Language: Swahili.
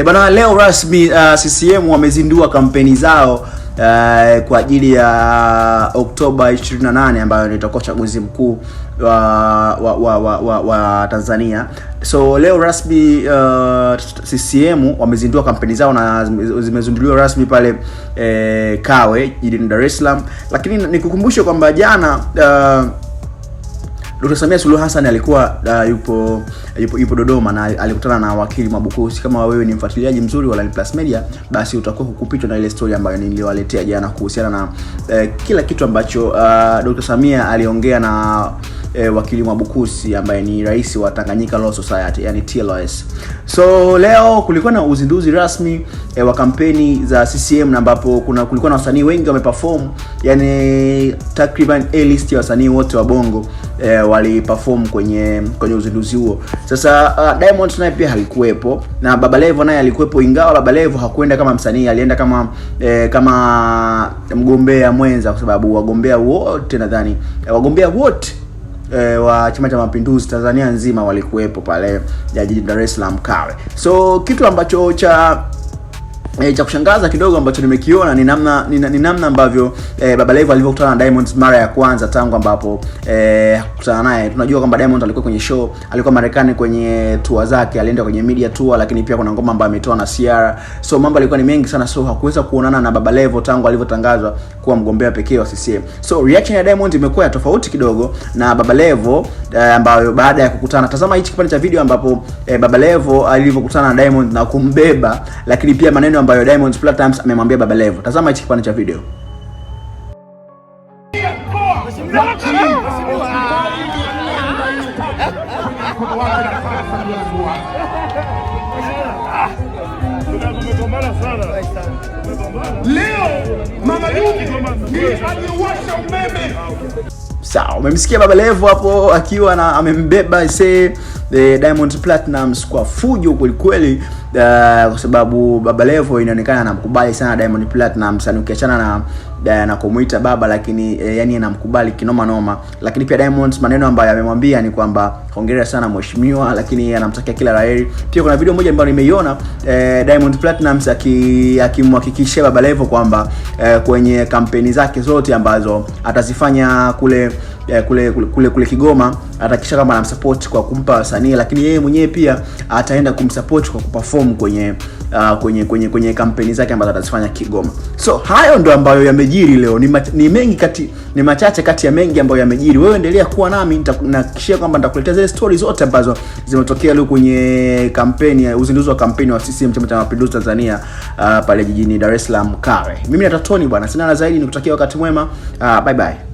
E eh, bana, leo rasmi uh, CCM wamezindua kampeni zao uh, kwa ajili ya Oktoba 28 ambayo itakuwa uchaguzi mkuu wa wa, wa, wa, wa wa Tanzania. So leo rasmi uh, CCM wamezindua kampeni zao na zimezinduliwa rasmi pale eh, Kawe jijini Dar es Salaam, lakini nikukumbushe kwamba jana uh, Dr. Samia Suluhu Hassan alikuwa uh, yupo, yupo yupo Dodoma na alikutana na wakili Mwabukusi. Kama wewe ni mfuatiliaji mzuri wa Line Plus Media, basi utakuwa hukupitwa na ile story ambayo niliwaletea jana kuhusiana na uh, kila kitu ambacho uh, Dr. Samia aliongea na eh, wakili Mwabukusi ambaye ni rais wa Tanganyika Law Society yani TLS. So leo kulikuwa na uzinduzi rasmi eh, wa kampeni za CCM na ambapo kuna kulikuwa na wasanii wengi wameperform, yani takriban A list ya wasanii wote wa Bongo e, waliperform kwenye kwenye uzinduzi huo. Sasa uh, Diamond naye pia halikuwepo na Baba Levo naye alikuwepo, ingawa Baba Levo hakuenda kama msanii, alienda kama eh, kama mgombea mwenza kwa sababu wagombea wote nadhani eh, wagombea wote e, wa Chama cha Mapinduzi Tanzania nzima walikuwepo pale jijini Dar es Salaam Kawe. So kitu ambacho cha E, cha kushangaza kidogo ambacho nimekiona ni namna ni namna ambavyo e, Baba Levo alivyokutana na Diamond mara ya kwanza tangu ambapo e, eh, kukutana naye. Tunajua kwamba Diamond alikuwa kwenye show, alikuwa Marekani kwenye tour zake, alienda kwenye media tour, lakini pia kuna ngoma ambayo ametoa na Ciara. So mambo alikuwa ni mengi sana, so hakuweza kuonana na Baba Levo tangu alivyotangazwa kuwa mgombea pekee wa CCM. So reaction ya Diamond imekuwa ya tofauti kidogo na Baba Levo e, ambayo baada ya kukutana, tazama hichi kipande cha video ambapo e, Baba Levo alivyokutana na Diamond na kumbeba, lakini pia maneno ambayo Diamond Platnumz amemwambia Baba Levo. Tazama hichi kipande cha video. Leo mama aliwasha umeme. Sawa, umemsikia Baba Levo hapo akiwa na amembeba ise eh, Diamond Platnumz kwa fujo kwelikweli. Uh, kwa sababu Baba Levo inaonekana anamkubali sana Diamond Platnumz, ukiachana na Diana eh, kumuita baba, lakini e, yani anamkubali kinoma noma. Lakini pia Diamond maneno ambayo amemwambia ni kwamba hongera sana mheshimiwa, lakini anamtakia kila laheri. Pia kuna video moja ambayo nimeiona e, Diamond Platnumz akimhakikishia Baba Levo kwamba e, kwenye kampeni zake zote ambazo atazifanya kule kule kule kule Kigoma atakisha kama anamsupport kwa kumpa wasanii, lakini yeye mwenyewe pia ataenda kumsupport kwa kuperform kwenye uh, kwenye kwenye kwenye kampeni zake ambazo atazifanya Kigoma. So hayo ndo ambayo yamejiri leo, ni, mach, ni mengi kati ni machache kati ya mengi ambayo yamejiri. Wewe endelea kuwa nami, nahakikishia kwamba nitakuletea zile stori zote ambazo zimetokea leo kwenye kampeni, uzinduzi wa kampeni wa CCM Chama cha Mapinduzi Tanzania uh, pale jijini Dar es Salaam Kawe. Mimi ni Tony bwana, sina la zaidi, nikutakia wakati mwema. Uh, bye bye.